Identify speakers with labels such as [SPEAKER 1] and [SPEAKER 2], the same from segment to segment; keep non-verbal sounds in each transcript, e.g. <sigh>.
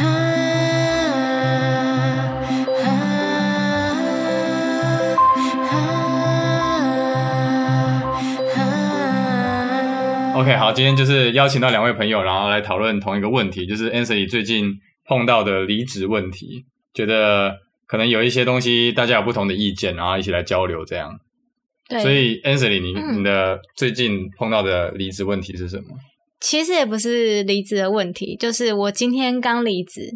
[SPEAKER 1] <music> OK，好，今天就是邀請到兩位朋友，然後來討論同一個問題，就是 Annsley 最近碰到的離職問題，覺得可能有一些東西大家有不同的意見，然後一起來交流這樣。
[SPEAKER 2] 對所以
[SPEAKER 1] Annsley 你你的最近碰到的離職問題是什麼？
[SPEAKER 2] 其實也不是離職的問題，就是我今天剛離職，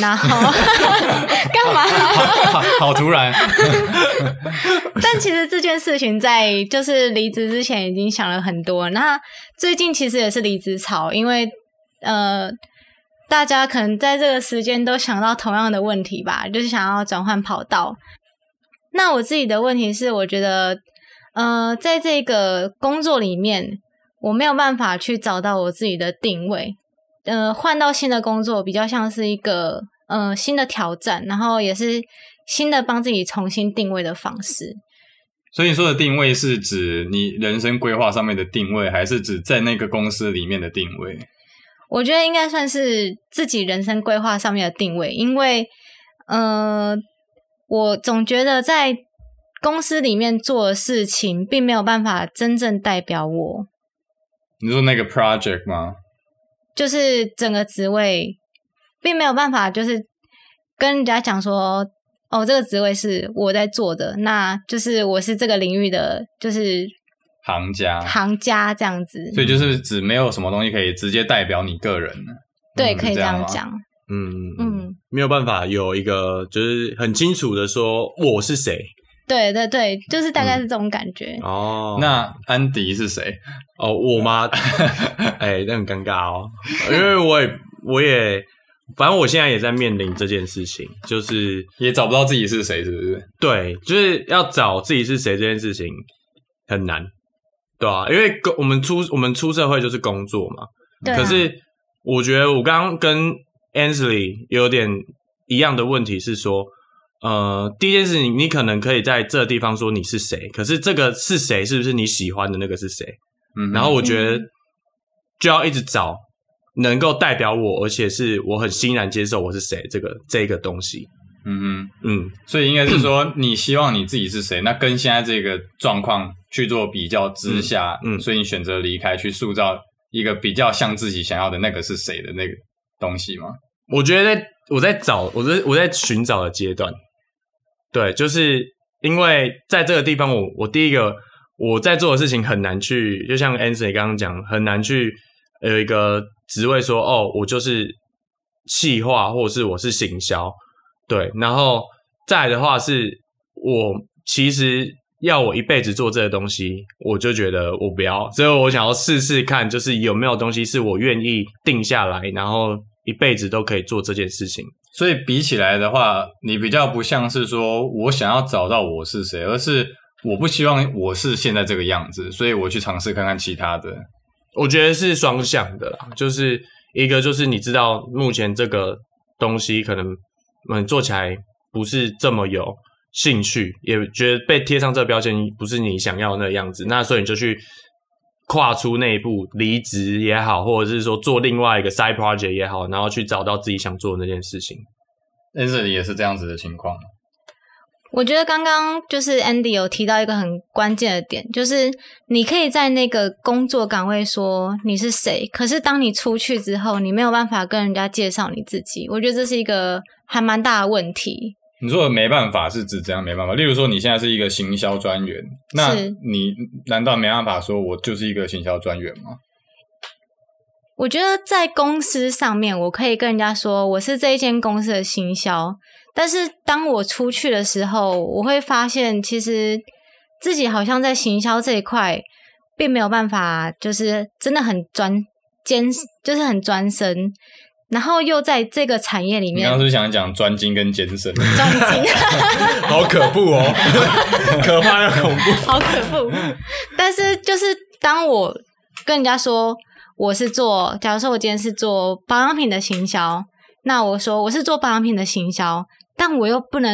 [SPEAKER 2] 然後 <laughs> <laughs> 幹嘛？ <laughs> 好，好，好突然！ <laughs> 但其實這件事情在就是離職之前已經想了很多。那最近其實也是離職潮，因為呃，大家可能在這個時間都想到同樣的問題吧，就是想要轉換跑道。那我自己的問題是，我覺得呃，在這個工作裡面。我沒有辦法去找到我自己的定位，呃，換到新的工作比較像是一個呃新的挑戰，然後也是新的幫自己重新定位的方式。
[SPEAKER 1] 所以你說的定位是指你人生規劃上面的定位，還是指在那個公司裡面的定位？
[SPEAKER 2] 我覺得應該算是自己人生規劃上面的定位，因為呃，我總覺得在公司裡面做的事情，並沒有辦法真正代表我。
[SPEAKER 1] 你說那個 project 嗎？
[SPEAKER 2] 就是整個職位，並沒有辦法，就是跟人家講說，哦，這個職位是我在做的，那就是我是這個領域的，就是
[SPEAKER 1] 行家，行家，
[SPEAKER 2] 行家這樣子。所以就是
[SPEAKER 1] 指沒有什麼東西可以直接代表你個人，嗯、
[SPEAKER 2] 對，嗯、可以這樣講。嗯嗯，
[SPEAKER 3] 嗯沒有辦法有一個就是很清楚的說我是誰。
[SPEAKER 2] 對對對，就是大概是這種感覺，嗯、
[SPEAKER 3] 哦。那安迪是誰？哦、oh，我媽，哎、 <laughs> 欸，那很尷尬哦，因為我也我也反正我現在也在面臨這件事情，就是也找不到自己是誰，是不是？對，就是要找自己是誰這件事情很難，對啊，因為工我們出我們出社會就是工作嘛，對啊，可是我覺得我剛剛跟 Annsley 有點一樣的問題是說。呃，第一件事你，你你可能可以在這個地方說你是誰，可是這個是誰？是不是你喜歡的那個是誰？嗯
[SPEAKER 1] 哼，然後我覺得
[SPEAKER 3] 就要一直找能夠代表我，而且是我很欣然接受我是誰這個這個東西。嗯嗯嗯，
[SPEAKER 1] 所以應該是說你希望你自己是誰？嗯、那跟現在這個狀況去做比較之下，嗯，嗯，所以你選擇離開，去塑造一個比較像自己想要的那個是誰的那個東西嗎？我覺得在我在找我在我在尋找的階段。對，就是
[SPEAKER 3] 因為在這個地方我，我我第一個我在做的事情很難去，就像 Annsley 剛剛講，很難去有一個職位說，哦，我就是企劃，或是我是行銷。對，然後再來的話是，我其實要我一輩子做這個東西，我就覺得我不要，所以我想要試試看，就是有沒有東西是我願意定下來，然後一輩子都可以做這
[SPEAKER 1] 件事情。所以比起來的話，你比較不像是說我想要找到我是誰，而是我不希望我是現在這個樣子，所以我去嘗試看看其他的。我覺得是雙向的，就是一個就是你知道目前這個
[SPEAKER 3] 東西可能嗯做起來不是這麼有興趣，也覺得被貼上這個標籤不是你想要的那個樣子，那所以你就去。跨出那一步，離職也好，或者是說做另外一個 side project 也好，然後去找到自己想做
[SPEAKER 1] 的那件事情。Andy 也是這樣子的情況。
[SPEAKER 2] 我覺得剛剛就是 Andy 有提到一個很關鍵的點，就是你可以在那個工作崗位說你是誰，可是當你出去之後，你沒有辦法跟人家介紹你自己。我覺得這是一個還蠻大的問題。
[SPEAKER 1] 你說沒辦法是指怎樣沒辦法？例如說你現在是一個行銷專員，是那你難道沒辦法說我就是一個行銷專員嗎？
[SPEAKER 2] 我覺得在公司上面，我可以跟人家說我是這一間公司的行銷，但是當我出去的時候，我會發現其實自己好像在行銷這一塊並沒有辦法，就是真的很專、堅，就是很專深。然後又在這個產業裡面，你剛，剛是，是
[SPEAKER 1] 想講專精跟健身。專精， <laughs> 好可怖哦，
[SPEAKER 2] <laughs> 可怕又恐怖，好可怖。但是就是當我跟人家說我是做，假如說我今天是做保養品的行銷，那我說我是做保養品的行銷，但我又不能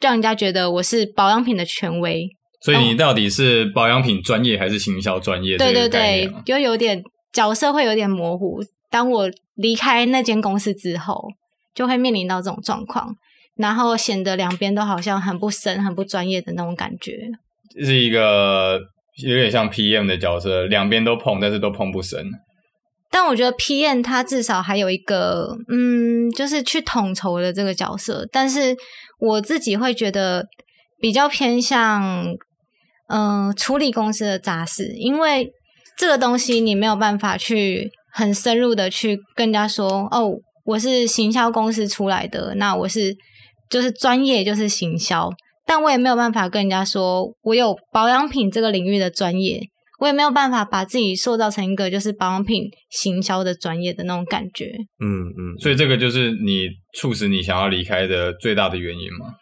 [SPEAKER 2] 讓人家覺得我是保養品的權威。
[SPEAKER 1] 所以你到底是保養品專業還是行銷專業？哦、對，對對對，
[SPEAKER 2] 就有點角色會有點模糊。當我離開那間公司之後，就會面臨到這種狀況，然後顯得兩邊都好像很不深、很不專業的那種感覺。
[SPEAKER 1] 這是一個有點像 PM 的角色，兩邊都碰，但是都碰不深。
[SPEAKER 2] 但我覺得 PM 它至少還有一個，嗯，就是去統籌的這個角色。但是我自己會覺得比較偏向，嗯、呃，處理公司的雜事，因為這個東西你沒有辦法去。很深入的去跟人家說哦，我是行銷公司出來的，那我是就是專業就是行銷，但我也沒有辦法跟人家說我有保養品這個領域的專業，我也沒有辦法把自己塑造成一個就是保養品行銷的專業的那種感覺。嗯嗯，
[SPEAKER 1] 所以這個就是你促使你想要離開的最大的原因嗎？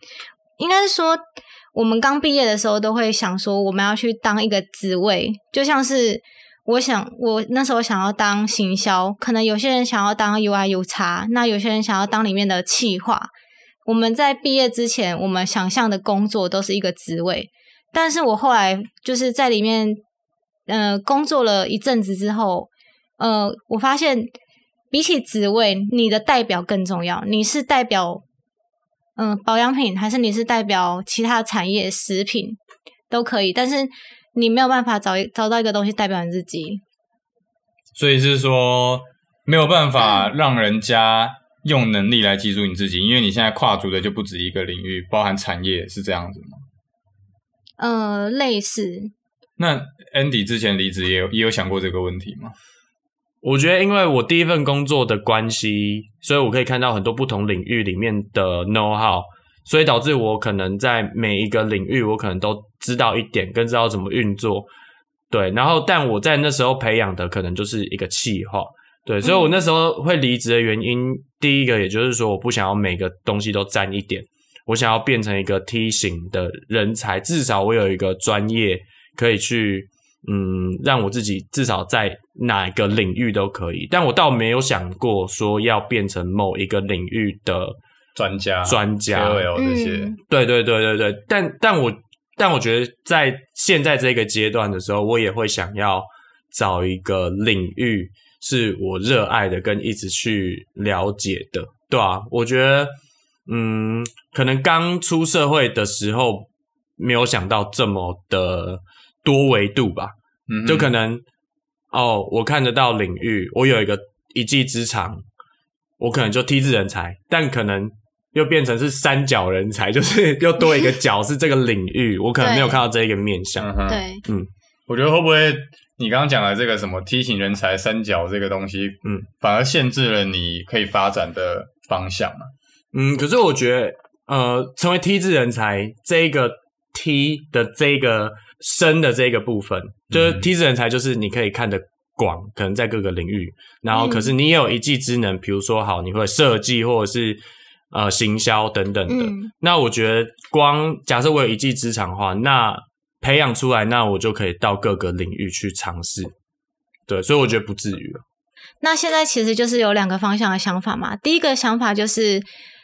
[SPEAKER 2] 應該是說，我們剛畢業的時候都會想說，我們要去當一個職位，就像是。我想，我那時候想要當行銷，可能有些人想要當 UIUX，那有些人想要當裡面的企劃。我們在畢業之前，我們想象的工作都是一個職位，但是我後來就是在裡面，嗯、呃，工作了一陣子之後，呃，我發現比起職位，你的代表更重要。你是代表嗯、呃、保養品，還是你是代表其他產業食品都可以，但是。你沒有辦法找一，找到一個東西代表你自己，
[SPEAKER 1] 所以是說沒有辦法讓人家用能力來記住你自己，因為你現在跨足的就不止一個領域，包含產業，是這樣子嗎？
[SPEAKER 2] 呃，類似。
[SPEAKER 1] 那 Andy 之前離職也有也有想過這個問題嗎？我覺得因為我第一份工作的關係，所以我可以看
[SPEAKER 3] 到很多不同領域裡面的 know how。所以導致我可能在每一個領域，我可能都知道一點，跟知道怎麼運作，對。然後，但我在那時候培養的可能就是一個企劃，對。所以，我那時候會離職的原因，嗯、第一個也就是說，我不想要每個東西都沾一點，我想要變成一個 T 型的人才，至少我有一個專業可以去，嗯，讓我自己至少在哪一個領域都可以。但我倒沒有想過說要變成某一個領域的。專家、專家這些，對、嗯、對對對對，但但我但我覺得在現在這個階段的時候，我也會想要找一個領域是我熱愛的，跟一直去了解的，對啊，我覺得，嗯，可能剛出社會的時候沒有想到這麼的多維度吧，嗯，嗯，就可能哦，我看得到領域，我有一個一技之長，我可能就 T 字人才，但可能，又變成是三角人才，就是又多一個角是這個領
[SPEAKER 1] 域， <laughs> 對我可能沒有看到這一個面向。嗯、哼對，嗯，我覺得會不會你剛剛講的這個什麼 T 型人才、三角這個東西，嗯，反而限制了你可以發展的方向嗎？嗯，可是我覺得，呃，成為 T 字人才，這個
[SPEAKER 3] T 的這個深的這個部分，嗯、就是 T 字人才，就是你可以看得廣，可能在各個領域，然後可是你也有一技之能，比、嗯、如說好，你會設計或者是。呃，行銷等等的。嗯。那我覺得，光假設我有一技之長的話，那培養出來，那我就可以到各個領域去嘗試。對，所以我覺得不至於。
[SPEAKER 2] 那現在其實就是有兩個方向的想法嘛。第一個想法就是，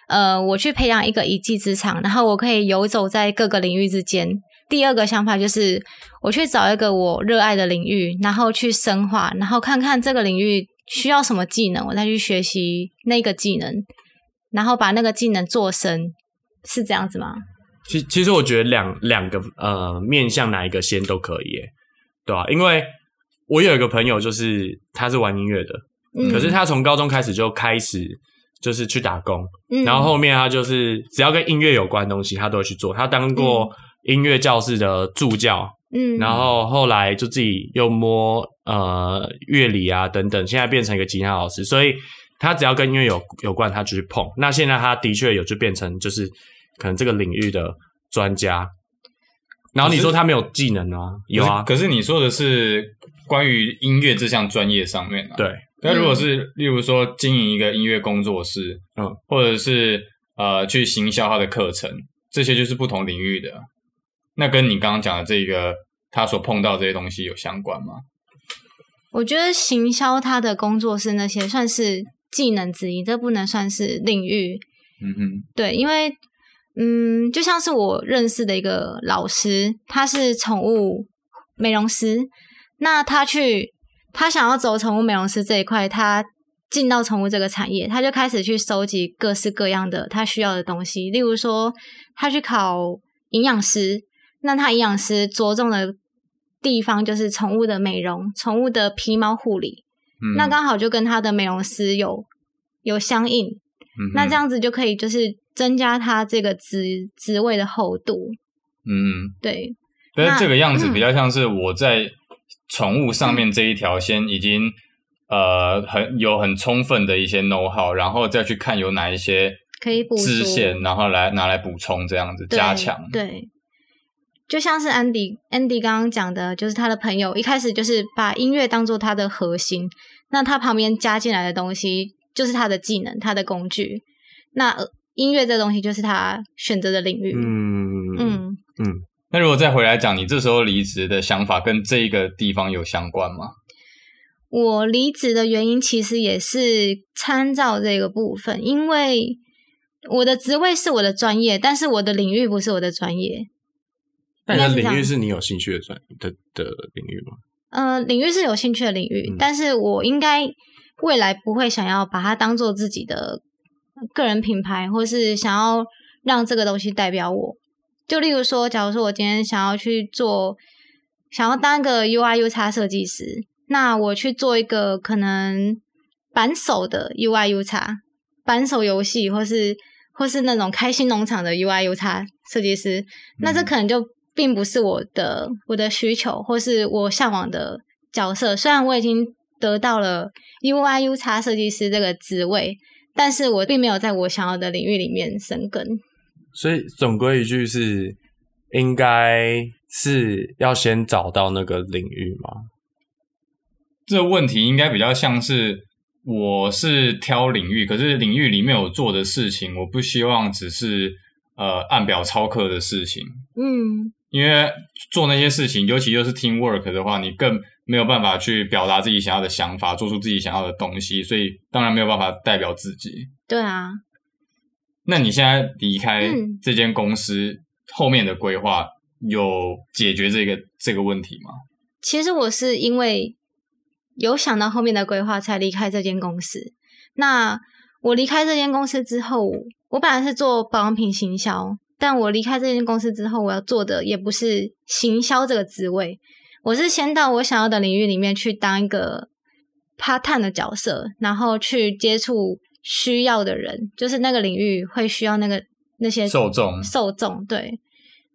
[SPEAKER 2] 呃，我去培養一個一技之長，然後我可以遊走在各個領域之間。第二個想法就是，我去找一個我熱愛的領域，然後去深化，然後看看這個領域需要什麼技能，我再去學習那個技能。然後把那個技能做深，是這樣子嗎？
[SPEAKER 3] 其其實我覺得兩兩個呃面向，哪一個先都可以耶，對吧、啊？因為我有一個朋友，就是他是玩音樂的，嗯、可是他從高中開始就開始就是去打工，嗯、然後後面他就是只要跟音樂有關的東西，他都會去做。他當過音樂教室的助教，嗯，然後後來就自己又摸呃樂理啊等等，現在變成一個吉他老師，所以。他只要跟音樂有有關，他就去碰。那現在他的確有就變成就是可能這個領域的專家。
[SPEAKER 1] 然後你說他沒有技能啊？是有啊。可是你說的是關於音樂這項專業上面啊。對。那如果是例如說經營一個音樂工作室，嗯，或者是呃去行銷他的課程，這些就是不同領域的。那跟你剛剛講的這個，他所碰到這些東西有相關嗎？
[SPEAKER 2] 我覺得行銷他的工作室那些算是。技能之一，這不能算是領域。嗯哼，對，因為嗯，就像是我認識的一個老師，他是寵物美容師。那他去，他想要走寵物美容師這一塊，他進到寵物這個產業，他就開始去收集各式各樣的他需要的東西。例如說，他去考營養師，那他營養師着重的地方就是寵物的美容、寵物的皮毛護理。嗯、那剛好就跟他的美容師有有相應，嗯、哼那這樣子就可以就是增加他這個職職位的厚度。嗯，對。因為 那這個樣子比較
[SPEAKER 1] 像是我在寵物上面這一條先已經、嗯、呃很有很充分的一些 know how，然後再去看有哪一些
[SPEAKER 2] 可以補支線，
[SPEAKER 1] 然後來拿來補充這樣子對加強強。
[SPEAKER 2] 對，就像是 Andy, Andy Andy 剛剛講的，就是他的朋友一開始就是把音樂當做他的核心。那他旁邊加進來的東西就是他的技能，他的工具。那音樂這東西就是他選擇的領域。嗯嗯嗯。
[SPEAKER 1] 那如果再回來講，你這時候離職的想法跟這個地方有相關嗎？
[SPEAKER 2] 我離職的原因其實也是參照這個部分，因為我的職位是我的專業，但是我的領域不是我的專業。但是那領域是
[SPEAKER 3] 你有興趣的專業的的領域嗎？
[SPEAKER 2] 呃，領域是有興趣的領域，但是我應該未來不會想要把它當做自己的個人品牌，或是想要讓這個東西代表我。就例如說，假如說我今天想要去做，想要當個 UI UX 設計師，那我去做一個可能扳手的 UI UX 扳手遊戲，或是或是那種開心農場的 UI UX 設計師，那這可能就。並不是我的我的需求，或是我嚮往的角色。雖然我已經得到了 U I U X 設計師這個職位，但是我並沒有在我想要的領域裡面生根。
[SPEAKER 3] 所以總歸一句是，應該是要先找到那個領域嗎？
[SPEAKER 1] 這問題應該比較像是我是挑領域，可是領域裡面有做的事情，我不希望只是呃按表操課的事情。嗯。因為做那些事情，尤其就是 teamwork 的話，你更沒有辦法去表達自己想要的想法，做出自己想要的東西，所以當然沒有辦法代表自己。對啊，那你現在離開這間公司，後面的規劃、嗯、有解決這個這個問題嗎？
[SPEAKER 2] 其實我是因為有想到後面的規劃才離開這間公司。那我離開這間公司之後，我本來是做保養品行銷。但我離開這間公司之後，我要做的也不是行銷這個職位，我是先到我想要的領域裡面去當一個 part time 的角色，然後去接觸需要的人，就是那個領域會需要那個那些受眾，受眾，對，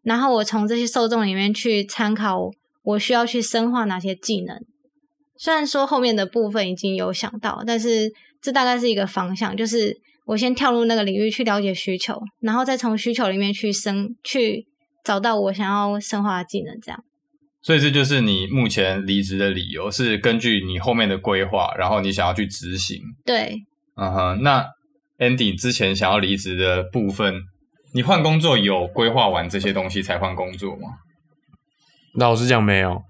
[SPEAKER 2] 然後我從這些受眾裡面去參考我需要去深化哪些技能。雖然說後面的部分已經有想到，但是這大概是一個方向，就是。我先跳入那個領域去了解需求，然後再從需求裡面去生，去找到我想要深化的技能，這樣。
[SPEAKER 1] 所以這就是你目前離職的理由，是根據你後面的規劃，然後你想要去執行。對。嗯哼、uh，huh, 那 Andy 之前想要離職的部分，你換工作有規劃完這些東西才換工作嗎？
[SPEAKER 3] 老實講，沒有。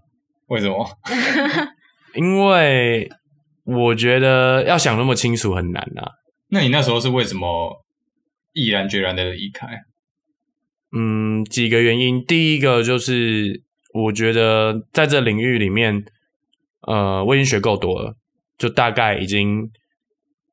[SPEAKER 3] 為
[SPEAKER 1] 什麼？ <laughs> <laughs> 因
[SPEAKER 3] 為我覺得要想那麼清楚很難啊。
[SPEAKER 1] 那你那時候是為什麼毅然決然的離開？
[SPEAKER 3] 嗯，幾個原因。第一個就是我覺得在這領域裡面，呃，我已經學夠多了，就大概已經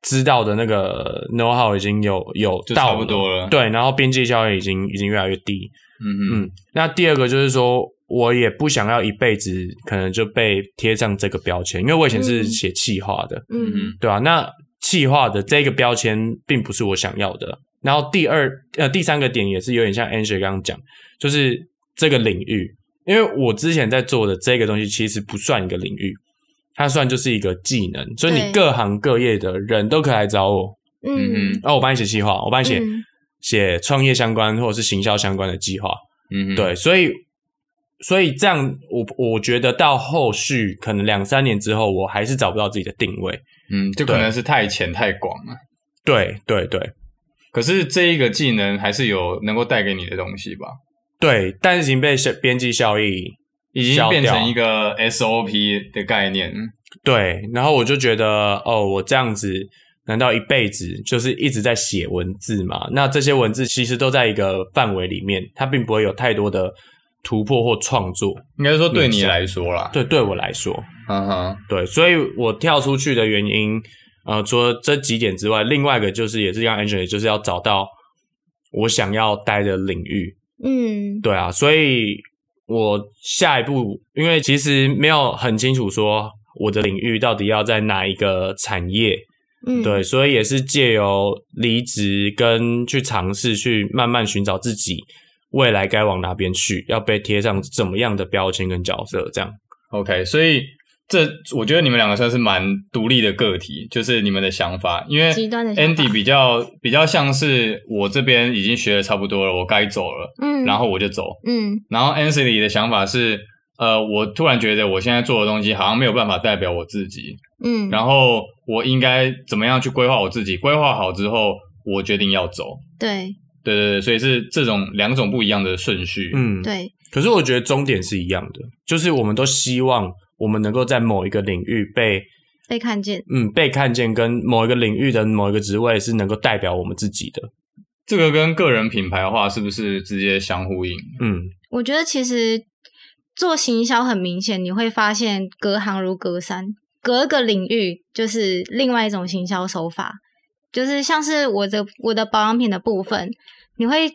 [SPEAKER 3] 知道的那個 know-how 已經有有到就差不多了。對，然後邊際效應，已經已經越來越低。嗯嗯，嗯。那第二個就是說我也不想要一輩子可能就被貼上這個標籤，因為我以前是寫企劃的。嗯嗯。對吧、啊？那。企劃的這個標籤並不是我想要的。然後第二，呃，第三個點也是有點像 Annsley 剛剛講，就是這個領域，因為我之前在做的這個東西其實不算一個領域，它算就是一個技能，所以你各行各業的人都可以來找我，嗯，那我幫你寫企劃，我幫你寫寫創業相關或者是行銷相關的計劃，嗯，對，所以。所以這樣，我我覺得到後續可能兩三年之後，我
[SPEAKER 1] 還是找不到自己的定位。嗯，就可能是太淺太廣了。對對對。對對對。可是這一個技能還是有能夠帶給你的東西吧？對，但是已經被邊際效益已經變成一個 SOP 的概念。
[SPEAKER 3] 對，然後我就覺得，哦，我這樣子難道一輩子就是一直在寫文字嗎？那這些文字其實都在一個範圍裡面，它並不會有太多的。突破或創作，應
[SPEAKER 1] 該說對你來
[SPEAKER 3] 說啦說，對，對我來說，嗯哈、uh，huh. 對，所以我跳出去的原因，呃，除了這幾點之外，另外一個就是也是要安全的，就是要找到我想要待的領域，嗯，對啊，所以我下一步，因為其實沒有很清楚說我的領域到底要在哪一個產業，嗯，對，所以也是借由離職跟去嘗試，去慢慢尋找自己。未來該往哪邊去？要被
[SPEAKER 1] 貼上怎麼樣的標籤跟角色？這樣，OK。所以這我覺得你們兩個算是蠻獨立的個體，就是你們的想法，因
[SPEAKER 2] 為 And Andy
[SPEAKER 1] 比較比較像是我這邊已經學的差不多了，我該走了，嗯， <laughs> 然後我就走， <laughs> 嗯，然後 Annsley 的想法是，呃，我突然覺得我現在做的東西好像沒有辦法代表我自己， <laughs> 嗯，然後我應該怎麼樣去規劃我自己？規劃好之後，我決定要走，對。對對對，所以是這種兩種不一樣的順序。嗯，
[SPEAKER 2] 對。
[SPEAKER 3] 可是我覺得終點是一樣的，就是我們都希望我們能夠在某一個領域被被看見，嗯，被看見跟某一個領域的某一個職位是能夠代表我們自
[SPEAKER 1] 己的。這個跟個人品牌的話是不是直接相呼應？
[SPEAKER 2] 嗯，我覺得其實做行銷很明顯，你會發現隔行如隔山，隔一個領域就是另外一種行銷手法。就是像是我的我的保養品的部分，你會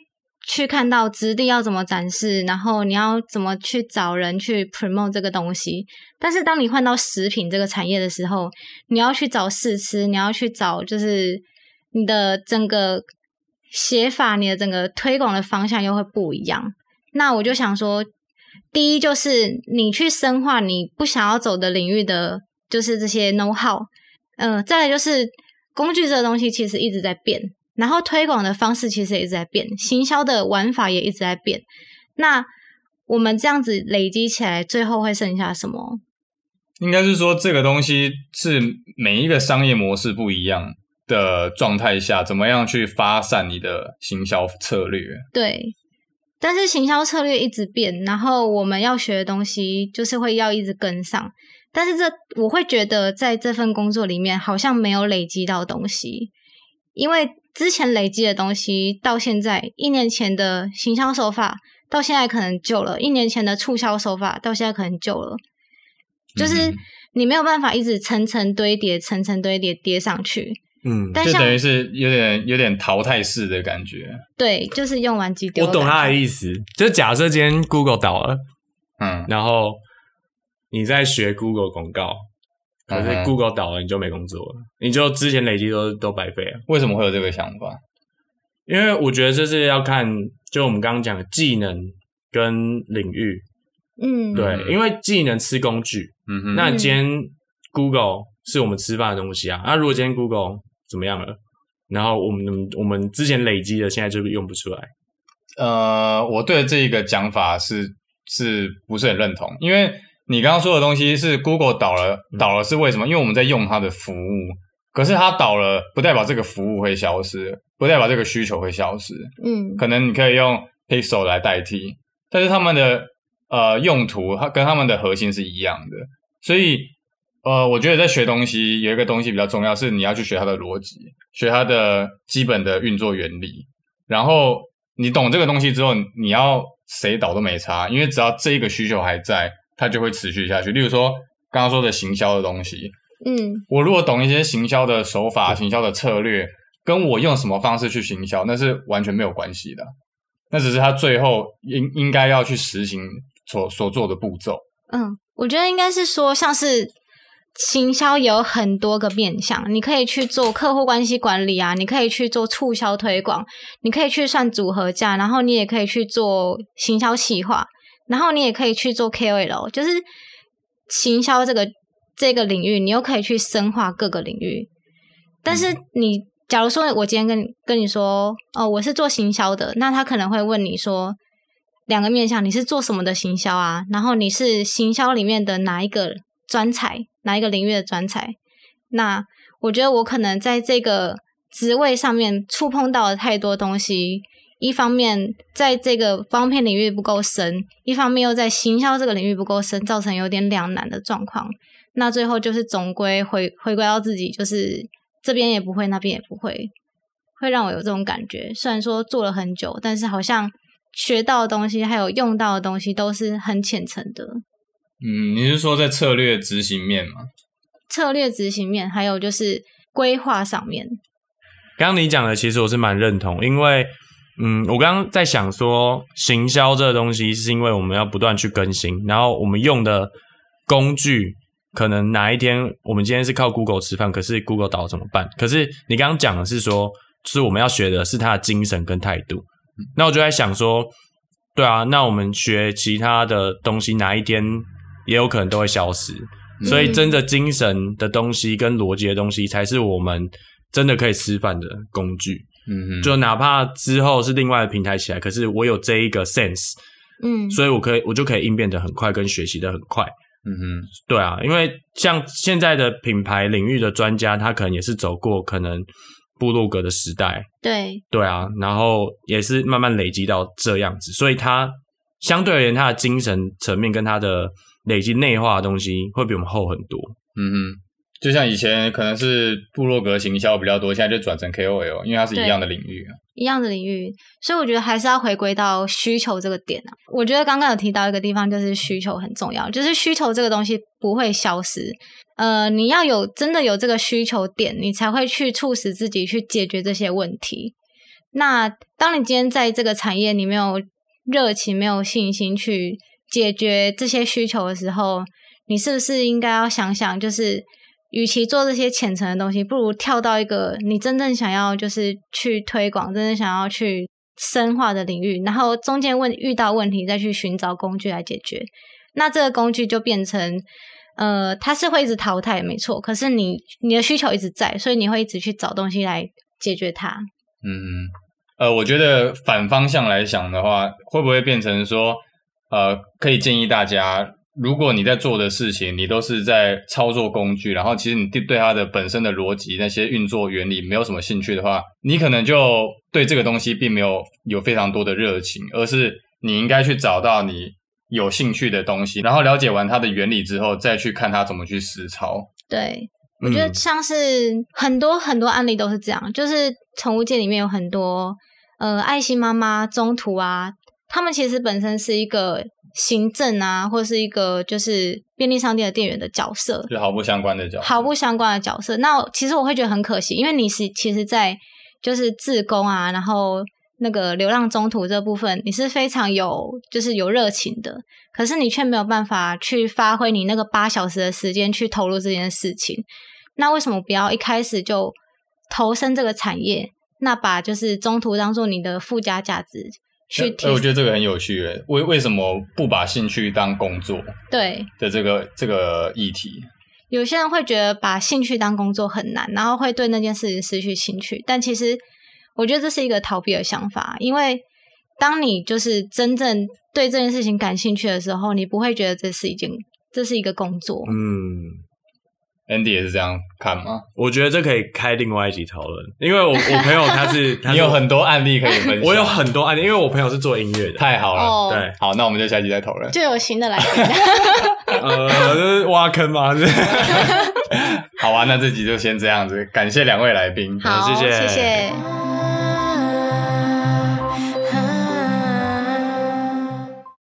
[SPEAKER 2] 去看到質地要怎麼展示，然後你要怎麼去找人去 promote 這個東西。但是當你換到食品這個產業的時候，你要去找試吃，你要去找就是你的整個寫法，你的整個推廣的方向又會不一樣。那我就想說，第一就是你去深化你不想要走的領域的，就是這些 know-how。嗯、呃，再來就是。工具這個東西其實一直在變，然後推廣的方式其實也一直在變，行銷的玩法也一直在變。那我們這樣子累積起來，最後會剩下什麼？
[SPEAKER 1] 應該是說，這個東西是每一個商業模式不一樣的狀態下，怎麼樣去發散你的行銷策略。
[SPEAKER 2] 對。但是行銷策略一直變，然後我們要學的東西就是會要一直跟上。但是這我會覺得，在這份工作裡面好像沒有累積到東西，因為之前累積的東西到現在，一年前的行銷手法，到現在可能舊了；一年前的促銷手法，到現在可能舊了。就是你沒有辦法一直層層堆疊、層層堆疊層層堆疊，疊上去。
[SPEAKER 1] 嗯，但像等於是有點有點淘汰式的感覺。
[SPEAKER 2] 對，就是用完即丟。我懂他的
[SPEAKER 1] 意思，就假設今天 Google
[SPEAKER 3] 倒了，嗯，然後。你在學 Google 廣告，
[SPEAKER 1] 可是 Google
[SPEAKER 3] 倒了，你就沒工作了，嗯、你就之前累積都都白費了。為什麼會有這個想法？因為我覺得這是要看，就我們剛剛講的技能跟領域，嗯，
[SPEAKER 2] 對，
[SPEAKER 3] 嗯、因為技能吃工具，嗯哼，嗯，那你今天 Google 是我們吃飯的東西啊，那、嗯啊、如果今天 Google 怎麼樣了，然後我們我
[SPEAKER 1] 們之前累積的現在就用不出來，呃，我對這一個講法是是不是很認同？因為你剛剛說的東西是 Google 倒了，倒了是為什麼？因為我們在用它的服務，可是它倒了，不代表這個服務會消失，不代表這個需求會消失。嗯，可能你可以用 Pixel 來代替，但是他們的呃用途，它跟他們的核心是一樣的。所以呃，我覺得在學東西有一個東西比較重要，是你要去學它的邏輯，學它的基本的運作原理。然後你懂這個東西之後，你要誰倒都沒差，因為只要這個需求還在。它就會持續下去。例如說，剛剛說的行銷的東西，嗯，我如果懂一些行銷的手法，對行銷的策略，跟我用什麼方式去行銷，那是完全沒有關係的。那只是他最後應應該要去實行所所做的步驟。
[SPEAKER 2] 嗯，我覺得應該是說，像是行銷有很多個面向，你可以去做客戶關係管理啊，你可以去做促銷推廣，你可以去算組合價，然後你也可以去做行銷企劃。然後你也可以去做 KOL，就是行銷這個這個領域，你又可以去深化各個領域。但是你假如說我今天跟你跟你說，哦，我是做行銷的，那他可能會問你說，兩個面向，你是做什麼的行銷啊？然後你是行銷裡面的哪一個專才，哪一個領域的專才？那我覺得我可能在這個職位上面觸碰到了太多東西。一方面在這個方片領域不夠深，一方面又在行銷這個領域不夠深，造成有點兩難的狀況。那最後就是總歸回回歸到自己，就是這邊也不會，那邊也不會，會讓我有這種感覺。雖然說做了很久，但是好像學到的東西還有用到的東西都是很淺層的。
[SPEAKER 1] 嗯，你是說在策略執行面嗎？
[SPEAKER 2] 策略執行面，還有就是規劃上面。剛
[SPEAKER 1] 剛你講的，其實我是
[SPEAKER 3] 蠻認同，因為。嗯，我剛剛在想說，行銷這個東西是因為我們要不斷去更新，然後我們用的工具，可能哪一天我們今天是靠 Google 吃飯，可是 Google 倒了怎麼辦？可是你剛剛講的是說，是我們要學的是他的精神跟態度。那我就在想說，對啊，那我們學其他的東西，哪一天也有可能都會消失。所以，真的精神的東西跟邏輯的東西，才是我們真的可以吃飯的工具。嗯哼，就哪怕之後是另外的平台起來，可是我有這一個 sense，嗯，所以我可以，我就可以應變得很快，跟學習得很快。嗯嗯哼，對啊，因為像現在的品牌領域的專家，他可能也是走過可能部落格的時代，
[SPEAKER 2] 對，
[SPEAKER 3] 對啊，然後也是慢慢累積到這樣子，所以他相對而言，他
[SPEAKER 1] 的精神層面跟他的累積內化的東西會比我們厚很多。嗯嗯。就像以前可能是部落格行銷比較多，現在就轉成 KOL，因為它是一樣的領域
[SPEAKER 2] 啊，一樣的領域，所以我覺得還是要回歸到需求這個點呢、啊。我覺得剛剛有提到一個地方，就是需求很重要，就是需求這個東西不會消失，呃，你要有真的有這個需求點，你才會去促使自己去解決這些問題。那當你今天在這個產業你沒有熱情、沒有信心去解決這些需求的時候，你是不是應該要想想，就是。與其做這些淺層的東西，不如跳到一個你真正想要就是去推廣、真正想要去深化的領域，然後中間問遇到問題再去尋找工具來解決。那這個工具就變成，呃，它是會一直淘汰，沒錯。可是你你的需求一直在，所以你會一直去找東西來解決它。
[SPEAKER 1] 嗯，呃，我覺得反方向來想的話，會不會變成說，呃，可以建議大家。如果你在做的事情，你都是在操作工具，然後其實你對對它的本身的邏輯、那些運作原理沒有什麼興趣的話，你可能就對這個東西並沒有有非常多的熱情，而是你應該去找到你有興趣的東西，然後了解完它的原理之後，再去看它怎麼去實操。
[SPEAKER 2] 對，嗯，我覺得像是很多很多案例都是這樣，就是寵物界裡面有很多，呃、愛心媽媽、中途啊，他們其實本身是一個。行政啊，或者是一個就是便利商店的店員的角色，是
[SPEAKER 1] 毫不相關的角色，
[SPEAKER 2] 毫不相關的角色。那其實我會覺得很可惜，因為你是其實，在就是志工啊，然後那個流浪中途這部分，你是非常有就是有熱情的，可是你卻沒有辦法去發揮你那個八小時的時間去投入這件事情。那為什麼不要一開始就投身這個產業？那把就是中途當做你的附加價值。所以我覺得
[SPEAKER 1] 這個很有趣，為為什麼不把興趣當工作？對的，這個對這個議題，
[SPEAKER 2] 有些人會覺得把興趣當工作很難，然後會對那件事情失去興趣。但其實我覺得這是一個逃避的想法，因為當你就是真正對這件事情感興趣的時候，你不會覺得這是一件這是一個工作，
[SPEAKER 1] 嗯。Andy
[SPEAKER 3] 也是這樣看嗎？我覺得這可以開另外一集討論，因為我我朋友他是, <laughs> 他是你有很多案例可以分享， <laughs> 我有很多案例，因為我朋友是做音樂的，太好了，哦、對，好，那我們就下一集再討
[SPEAKER 1] 論，
[SPEAKER 2] 就有新的來
[SPEAKER 1] 賓， <laughs> 呃，這是挖坑嗎？ <laughs> <laughs> 好啊，那這集就先這樣子，感謝兩位來賓，好、 <laughs> 嗯，謝謝，謝謝。